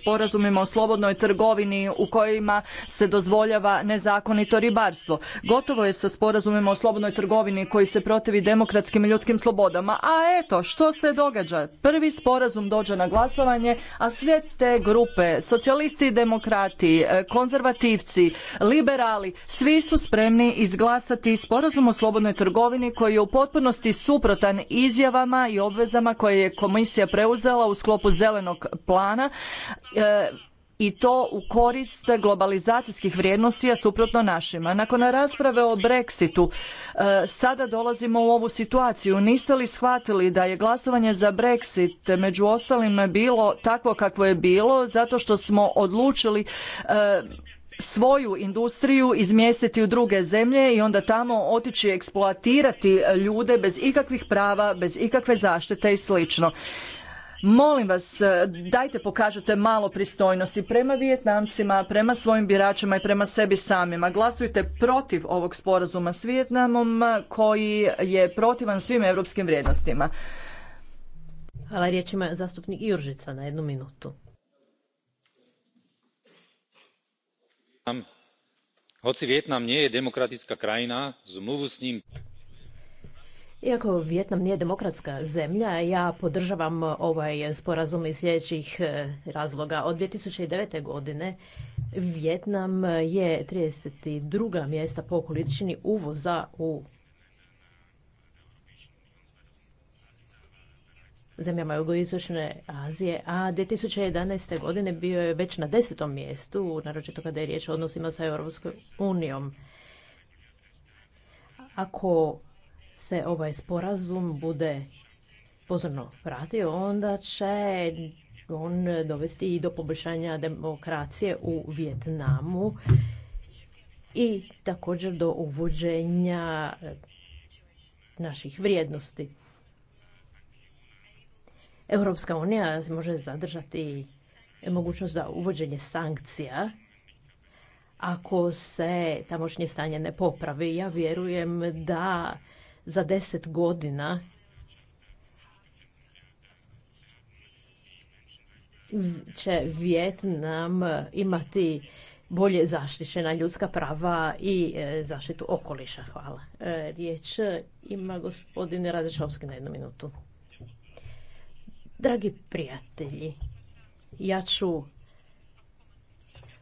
sporazumima o slobodnoj trgovini u kojima se dozvoljava nezakonito ribarstvo. Gotovo je sa sporazumima o slobodnoj trgovini koji se protivi demokratskim i ljudskim slobodama. A eto, što se događa? Prvi sporazum dođe na glasovanje, a sve te grupe, socijalisti i demokrati, e, konzervativci, liberali, svi su spremni izglasati sporazum o slobodnoj trgovini koji je u potpunosti suprotan izjavama i obvezama koje je komisija preuzela u sklopu zelenog plana. E, i to u korist globalizacijskih vrijednosti, a suprotno našima. Nakon rasprave o Brexitu, e, sada dolazimo u ovu situaciju. Niste li shvatili da je glasovanje za Brexit među ostalim bilo takvo kakvo je bilo, zato što smo odlučili e, svoju industriju izmjestiti u druge zemlje i onda tamo otići eksploatirati ljude bez ikakvih prava, bez ikakve zaštite i slično. Molim vas, e, dajte pokažete malo pristojnosti prema Vijetnamcima, prema svojim biračima i prema sebi samima. Glasujte protiv ovog sporazuma s Vijetnamom e, koji je protivan svim europskim vrijednostima. Hvala riječima zastupnik Juržica na jednu minutu. Hoci vjetnam nije krajina, s iako Vjetnam nije demokratska zemlja, ja podržavam ovaj sporazum iz sljedećih e, razloga. Od 2009. godine Vjetnam je 32. mjesta po količini uvoza u zemljama jugoistočne Azije, a 2011. godine bio je već na desetom mjestu, naročito kada je riječ o odnosima sa Europskom unijom. Ako se ovaj sporazum bude pozorno pratio, onda će on dovesti i do poboljšanja demokracije u Vjetnamu i također do uvođenja naših vrijednosti. Europska unija može zadržati mogućnost za uvođenje sankcija ako se tamošnje stanje ne popravi. Ja vjerujem da za deset godina će Vjetnam imati bolje zaštićena ljudska prava i e, zaštitu okoliša. Hvala. E, riječ ima gospodin Radešovski na jednu minutu. Dragi prijatelji, ja ću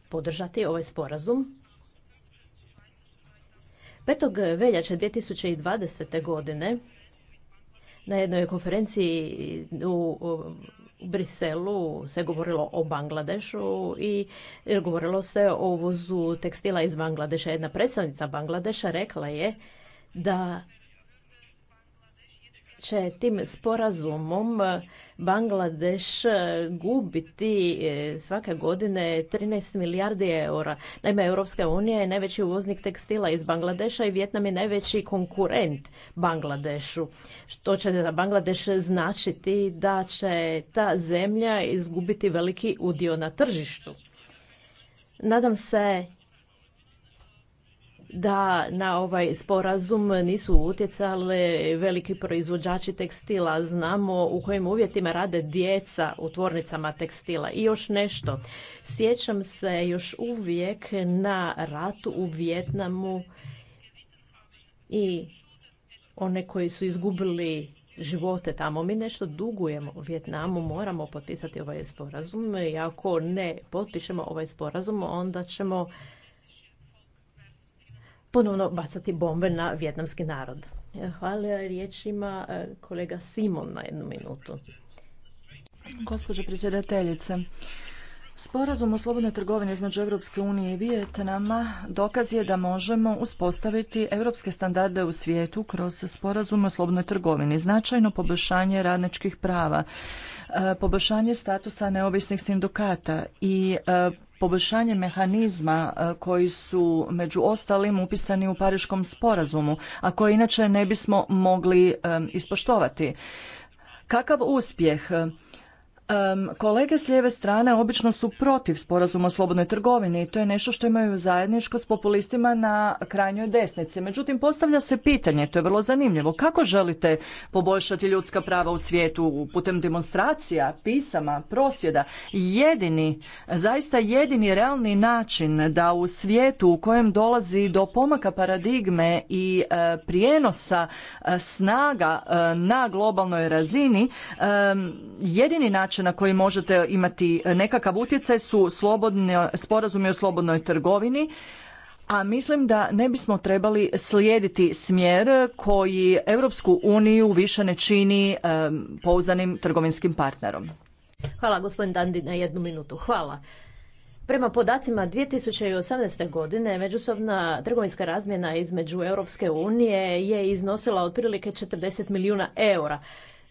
podržati ovaj sporazum 5. veljače 2020. godine na jednoj konferenciji u Briselu se govorilo o Bangladešu i govorilo se o uvozu tekstila iz Bangladeša. Jedna predstavnica Bangladeša rekla je da će tim sporazumom Bangladeš e, gubiti e, svake godine 13 milijardi eura. Naime, Europska unija je najveći uvoznik tekstila iz Bangladeša i Vjetnam je najveći konkurent Bangladešu. Što će za Bangladeš značiti da će ta zemlja izgubiti veliki udio na tržištu. Nadam se da na ovaj sporazum nisu utjecale veliki proizvođači tekstila. Znamo u kojim uvjetima rade djeca u tvornicama tekstila. I još nešto. Sjećam se još uvijek na ratu u Vjetnamu i one koji su izgubili živote tamo. Mi nešto dugujemo u Vjetnamu, moramo potpisati ovaj sporazum. I ako ne potpišemo ovaj sporazum, onda ćemo ponovno bacati bombe na vjetnamski narod. E, hvala riječima e, kolega Simon na jednu minutu. Gospođo predsjedateljice, Sporazum o slobodnoj trgovini između Europske unije i Vijetnama dokaz je da možemo uspostaviti europske standarde u svijetu kroz sporazum o slobodnoj trgovini, značajno poboljšanje radničkih prava, e, poboljšanje statusa neovisnih sindikata i poboljšanje mehanizma e, koji su među ostalim upisani u Pariškom sporazumu, a koje inače ne bismo mogli e, ispoštovati. Kakav uspjeh kolege s lijeve strane obično su protiv sporazuma o slobodnoj trgovini i to je nešto što imaju zajedničko s populistima na krajnjoj desnici. Međutim, postavlja se pitanje, to je vrlo zanimljivo, kako želite poboljšati ljudska prava u svijetu putem demonstracija, pisama, prosvjeda? Jedini, zaista jedini realni način da u svijetu u kojem dolazi do pomaka paradigme i e, prijenosa e, snaga e, na globalnoj razini, jedini način na koji možete imati nekakav utjecaj su slobodne, sporazumi o slobodnoj trgovini, a mislim da ne bismo trebali slijediti smjer koji Europsku uniju više ne čini pouzdanim trgovinskim partnerom. Hvala gospodin Dandi na jednu minutu. Hvala. Prema podacima 2018. godine međusobna trgovinska razmjena između Europske unije je iznosila otprilike 40 milijuna eura.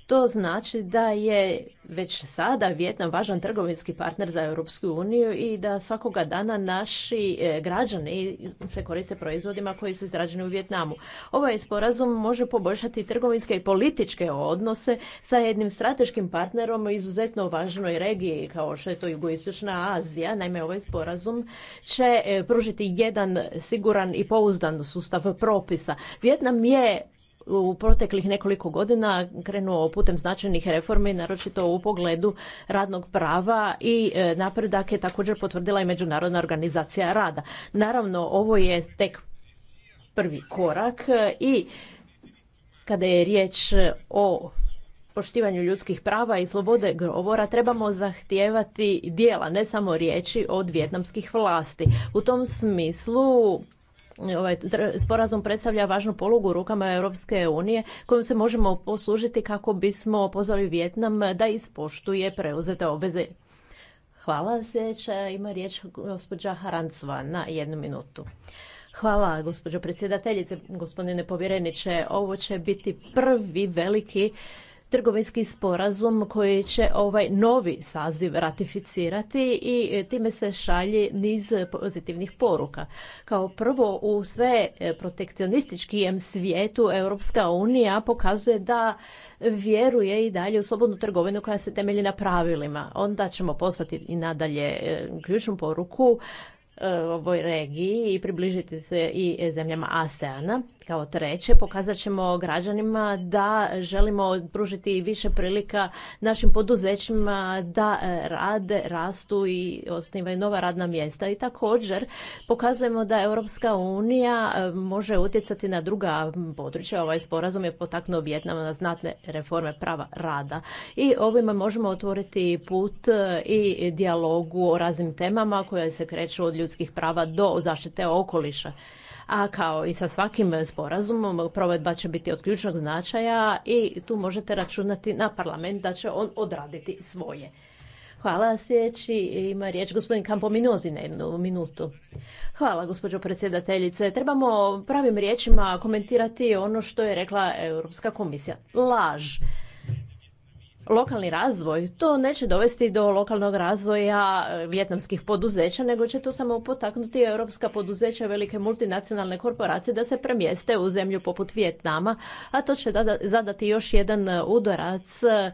To znači da je već sada Vjetnam važan trgovinski partner za Europsku uniju i da svakoga dana naši e, građani se koriste proizvodima koji su izrađeni u Vjetnamu. Ovaj sporazum može poboljšati trgovinske i političke odnose sa jednim strateškim partnerom u izuzetno važnoj regiji kao što je to jugoistočna Azija. Naime, ovaj sporazum će e, pružiti jedan siguran i pouzdan sustav propisa. Vjetnam je u proteklih nekoliko godina krenuo putem značajnih reformi, naročito u pogledu radnog prava i e, napredak je također potvrdila i Međunarodna organizacija rada. Naravno, ovo je tek prvi korak e, i kada je riječ o poštivanju ljudskih prava i slobode govora trebamo zahtijevati dijela, ne samo riječi od vjetnamskih vlasti. U tom smislu ovaj sporazum predstavlja važnu polugu u rukama Europske unije kojom se možemo poslužiti kako bismo pozvali Vjetnam da ispoštuje preuzete obveze. Hvala. Sljedeća ima riječ gospođa Harancva na jednu minutu. Hvala, gospođo predsjedateljice, gospodine povjereniče. Ovo će biti prvi veliki trgovinski sporazum koji će ovaj novi saziv ratificirati i e, time se šalje niz pozitivnih poruka. Kao prvo u sve e, protekcionističkijem svijetu Europska unija pokazuje da vjeruje i dalje u slobodnu trgovinu koja se temelji na pravilima. Onda ćemo poslati i nadalje e, ključnu poruku ovoj regiji i približiti se i zemljama ASEANA. Kao treće, pokazat ćemo građanima da želimo pružiti više prilika našim poduzećima da e, rade, rastu i osnivaju nova radna mjesta. I također pokazujemo da Europska unija e, može utjecati na druga područja. Ovaj sporazum je potaknuo Vjetnam na znatne reforme prava rada. I ovime možemo otvoriti put e, i dijalogu o raznim temama koje se kreću od ljudskih prava do zaštite okoliša a kao i sa svakim sporazumom provedba će biti od ključnog značaja i tu možete računati na parlament da će on odraditi svoje. Hvala. Sljedeći ima riječ gospodin Kampo Minozi na jednu minutu. Hvala, gospođo predsjedateljice. Trebamo pravim riječima komentirati ono što je rekla Europska komisija. Laž lokalni razvoj. To neće dovesti do lokalnog razvoja e, vjetnamskih poduzeća, nego će to samo potaknuti europska poduzeća, velike multinacionalne korporacije da se premjeste u zemlju poput Vjetnama, a to će zadati još jedan e, udorac e,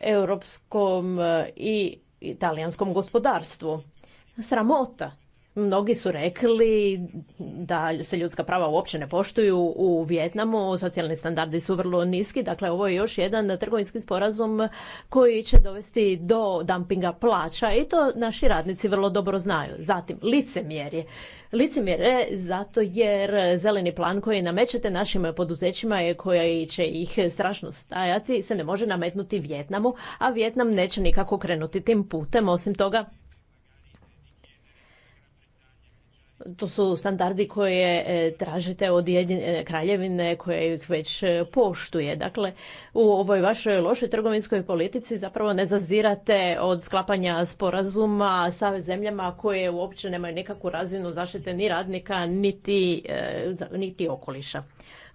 europskom i italijanskom gospodarstvu. Sramota. Mnogi su rekli da se ljudska prava uopće ne poštuju u Vjetnamu, socijalni standardi su vrlo niski, dakle ovo je još jedan trgovinski sporazum koji će dovesti do dumpinga plaća i to naši radnici vrlo dobro znaju. Zatim, licemjerje. Licemjerje zato jer zeleni plan koji namećete našim poduzećima i koji će ih strašno stajati se ne može nametnuti Vjetnamu, a Vjetnam neće nikako krenuti tim putem. Osim toga, to su standardi koje e, tražite od jedine kraljevine koje ih već e, poštuje. Dakle, u ovoj vašoj lošoj trgovinskoj politici zapravo ne zazirate od sklapanja sporazuma sa zemljama koje uopće nemaju nikakvu razinu zaštite ni radnika, niti, e, niti okoliša.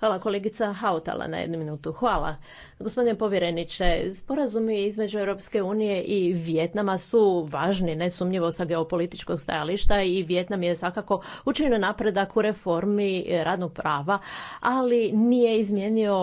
Hvala kolegica Hautala na jednu minutu. Hvala. Gospodine povjereniče, sporazumi između Europske unije i Vijetnama su važni, nesumnjivo sa geopolitičkog stajališta i Vijetnam je svakako učinio napredak u reformi radnog prava, ali nije izmijenio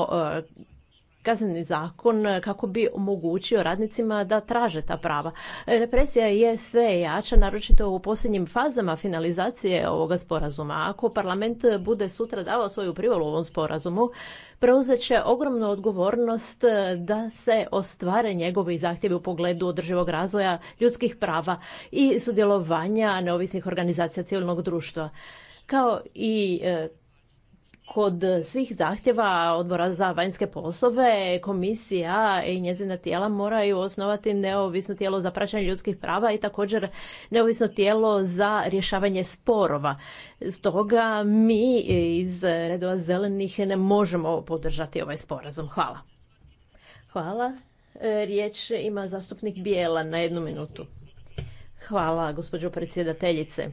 kazneni zakon kako bi omogućio radnicima da traže ta prava. Represija je sve jača, naročito u posljednjim fazama finalizacije ovoga sporazuma. Ako parlament bude sutra davao svoju privolu ovom sporazumu, preuzet će ogromnu odgovornost da se ostvare njegovi zahtjevi u pogledu održivog razvoja ljudskih prava i sudjelovanja neovisnih organizacija civilnog društva. Kao i e, kod svih zahtjeva odbora za vanjske poslove komisija i njezina tijela moraju osnovati neovisno tijelo za praćenje ljudskih prava i također neovisno tijelo za rješavanje sporova. Stoga mi iz redova zelenih ne možemo podržati ovaj sporazum. Hvala. Hvala. E, riječ ima zastupnik Bijela na jednu minutu. Hvala, gospođo predsjedateljice.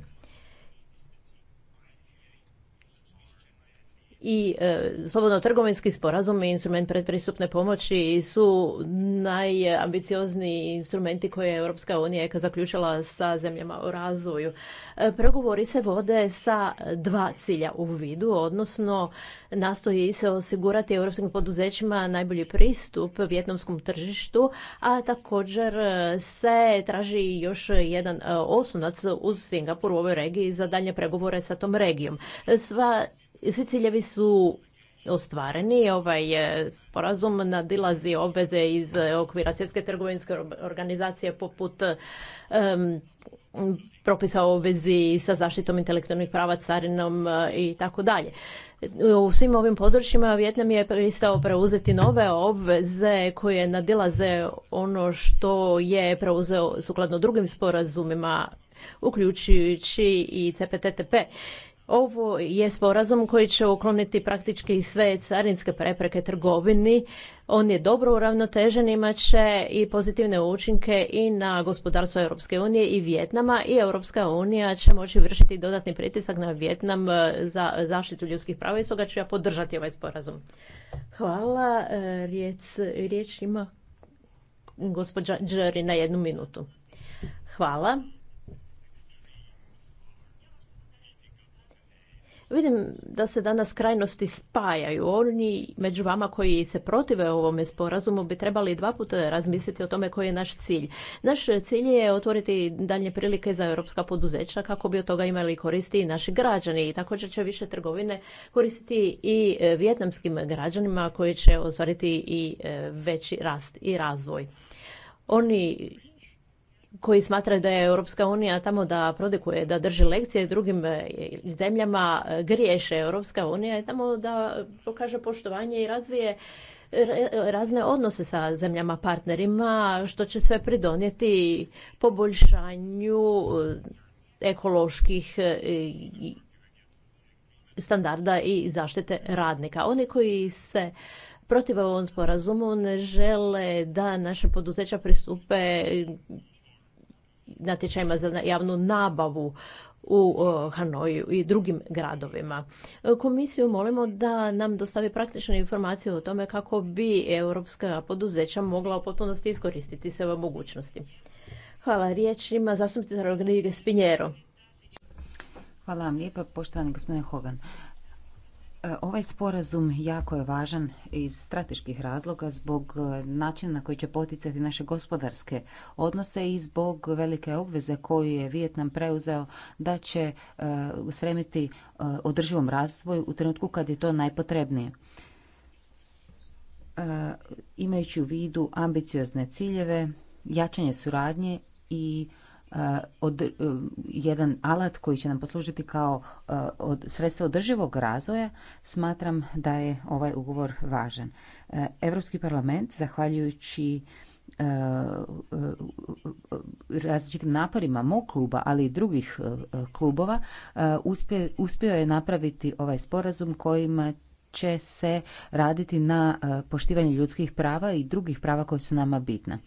i e, slobodno trgovinski sporazum i instrument predpristupne pomoći su najambiciozniji instrumenti koje je Europska unija zaključila sa zemljama u razvoju. E, pregovori se vode sa dva cilja u vidu, odnosno nastoji se osigurati europskim poduzećima najbolji pristup vjetnamskom tržištu, a također e, se traži još jedan osunac uz Singapur u ovoj regiji za dalje pregovore sa tom regijom. Sva svi ciljevi su ostvareni. Ovaj e, sporazum nadilazi obveze iz okvira Svjetske trgovinske organizacije poput propisa o obvezi sa zaštitom intelektualnih prava, carinom e, i tako dalje. U svim ovim područjima Vjetnam je pristao preuzeti nove obveze koje nadilaze ono što je preuzeo sukladno drugim sporazumima uključujući i CPTTP. Ovo je sporazum koji će ukloniti praktički sve carinske prepreke trgovini. On je dobro uravnotežen, imat će i pozitivne učinke i na gospodarstvo Europske unije i Vjetnama i Europska unija će moći vršiti dodatni pritisak na Vjetnam eh, za zaštitu ljudskih prava i stoga ću ja podržati ovaj sporazum. Hvala. Eh, riječ, riječ ima gospođa Đeri na jednu minutu. Hvala. Vidim da se danas krajnosti spajaju. Oni među vama koji se protive ovome sporazumu bi trebali dva puta razmisliti o tome koji je naš cilj. Naš cilj je otvoriti dalje prilike za europska poduzeća kako bi od toga imali koristi i naši građani. I također će više trgovine koristiti i e, vjetnamskim građanima koji će ostvariti i e, veći rast i razvoj. Oni koji smatraju da je Europska unija tamo da prodikuje, da drži lekcije drugim e, zemljama, e, griješe. Europska unija je tamo da pokaže poštovanje i razvije razne odnose sa zemljama partnerima, što će sve pridonijeti poboljšanju e, ekoloških standarda i zaštite radnika. Oni koji se protiv ovom sporazumu ne žele da naše poduzeća pristupe natječajima za javnu nabavu u Hanoju i drugim gradovima. E, komisiju molimo da nam dostavi praktične informacije o tome kako bi europska poduzeća mogla u potpunosti iskoristiti sve ove mogućnosti. Hvala. Riječ ima zastupnica Rodriguez spinjero Hvala vam lijepa, poštovani gospodine Hogan. E, ovaj sporazum jako je važan iz strateških razloga zbog e, načina na koji će poticati naše gospodarske odnose i zbog velike obveze koju je Vijetnam preuzeo da će e, sremiti održivom razvoju u trenutku kad je to najpotrebnije. Imajući u vidu ambiciozne ciljeve, jačanje suradnje i Eh, od, eh, jedan alat koji će nam poslužiti kao eh, od, sredstvo održivog razvoja, smatram da je ovaj ugovor važan. Europski parlament, zahvaljujući različitim naporima mog kluba, ali i drugih klubova, uspio je napraviti ovaj sporazum kojima će se raditi na e, poštivanju ljudskih prava i drugih prava koje su nama bitna.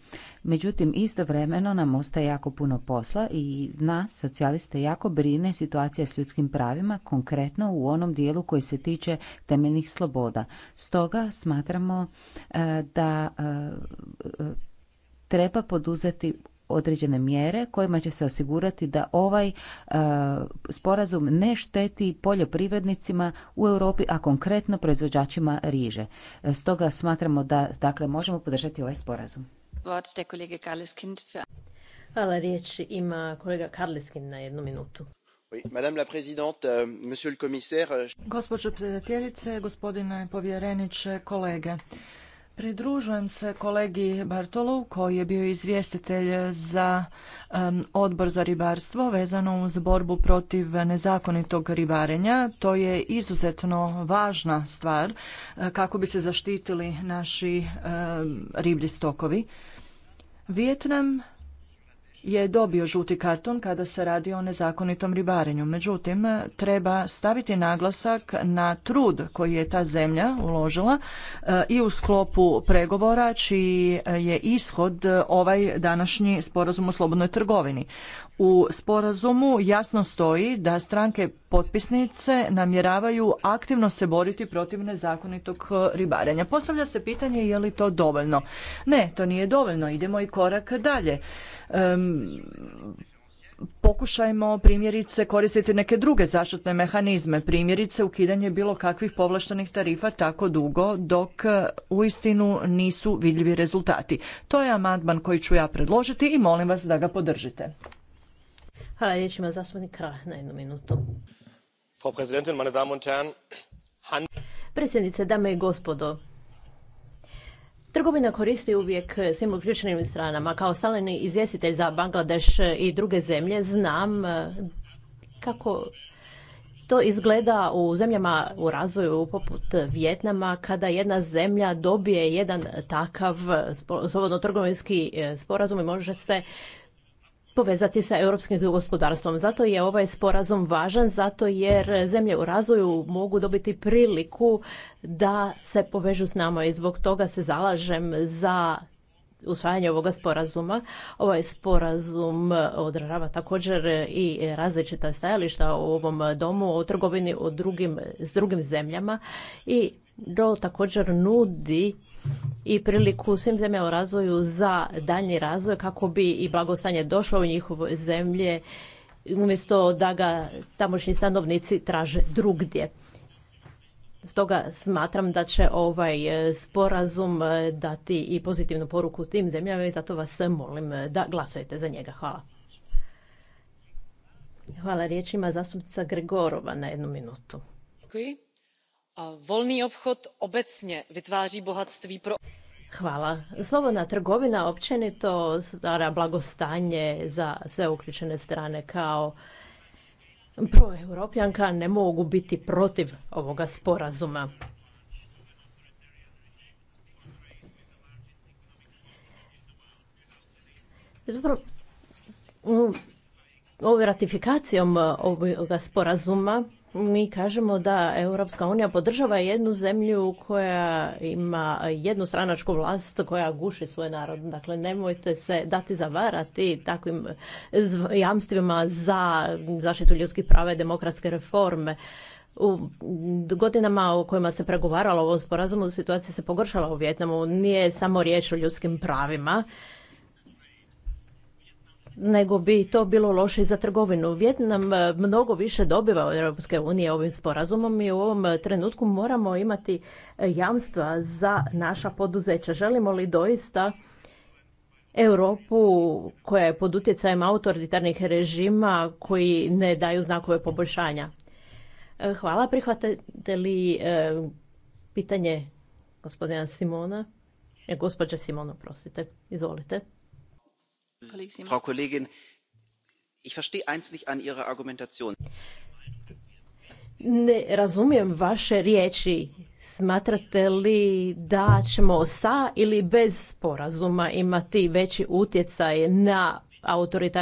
Međutim, istovremeno nam ostaje jako puno posla i nas, socijaliste, jako brine situacija s ljudskim pravima, konkretno u onom dijelu koji se tiče temeljnih sloboda. Stoga smatramo e, da e, treba poduzeti određene mjere kojima će se osigurati da ovaj e, sporazum ne šteti poljoprivrednicima u Europi, a konkretno proizvođačima riže. E, stoga smatramo da dakle možemo podržati ovaj sporazum. Hvala, riječ ima kolega Karliskin na jednu minutu. Madame la présidente, euh, monsieur le commissaire. Euh, Gospođo gospodine povjereniče, kolege. Pridružujem se kolegi Bartolu koji je bio izvjestitelj za odbor za ribarstvo vezano uz borbu protiv nezakonitog ribarenja. To je izuzetno važna stvar e, kako bi se zaštitili naši riblji stokovi. Vjetnam je dobio žuti karton kada se radi o nezakonitom ribarenju. Međutim, treba staviti naglasak na trud koji je ta zemlja uložila eh, i u sklopu pregovora čiji je ishod ovaj današnji sporazum o slobodnoj trgovini. U sporazumu jasno stoji da stranke potpisnice namjeravaju aktivno se boriti protiv nezakonitog e, ribarenja. Postavlja se pitanje je li to dovoljno. Ne, to nije dovoljno. Idemo i korak dalje. pokušajmo primjerice koristiti neke druge zaštitne mehanizme, primjerice ukidanje bilo kakvih povlaštenih tarifa tako dugo dok e, uistinu nisu vidljivi rezultati. To je amandman koji ću ja predložiti i molim vas da ga podržite. Hvala riječima na Predsjednice, dame i gospodo, Trgovina koristi uvijek svim uključenim stranama. Kao stalni izvjestitelj za Bangladeš i druge zemlje znam e, kako to izgleda u zemljama u razvoju poput Vijetnama, kada jedna zemlja dobije jedan takav slobodno trgovinski e, sporazum i može se povezati sa europskim gospodarstvom. Zato je ovaj sporazum važan, zato jer zemlje u razvoju mogu dobiti priliku da se povežu s nama i zbog toga se zalažem za usvajanje ovoga sporazuma. Ovaj sporazum odražava također i različita stajališta u ovom domu o trgovini s drugim zemljama i do također nudi i priliku svim zemljama u razvoju za daljnji razvoj kako bi i blagostanje došlo u njihove zemlje umjesto da ga tamošnji stanovnici traže drugdje. Stoga smatram da će ovaj e, sporazum e, dati i pozitivnu poruku tim zemljama i zato vas e, molim da glasujete za njega. Hvala. Hvala riječima zastupnica Gregorova na jednu minutu volný obchod obecně vytváří bohatství pro Hvala. Slobodna trgovina općenito stvara blagostanje za sve uključene strane kao pro-europjanka ne mogu biti protiv ovoga sporazuma. Dobro, ratifikacijom ovoga sporazuma mi kažemo da Europska unija podržava jednu zemlju koja ima jednu stranačku vlast koja guši svoj narod. Dakle, nemojte se dati zavarati takvim jamstvima za zaštitu ljudskih prava i demokratske reforme. U godinama u kojima se pregovaralo o ovom sporazumu situacija se pogoršala u Vjetnamu. Nije samo riječ o ljudskim pravima nego bi to bilo loše i za trgovinu. Vjetnam e, mnogo više dobiva od Europske unije ovim sporazumom i u ovom trenutku moramo imati e, jamstva za naša poduzeća. Želimo li doista Europu koja je pod utjecajem autoritarnih režima koji ne daju znakove poboljšanja? E, hvala. Prihvatite li pitanje gospodina Simona? Gospođa Simona, prosite. Izvolite. Frau Kollegin, ich verstehe an Ihrer Ne razumijem vaše riječi. Smatrate li da ćemo sa ili bez sporazuma imati veći utjecaj na autoritarne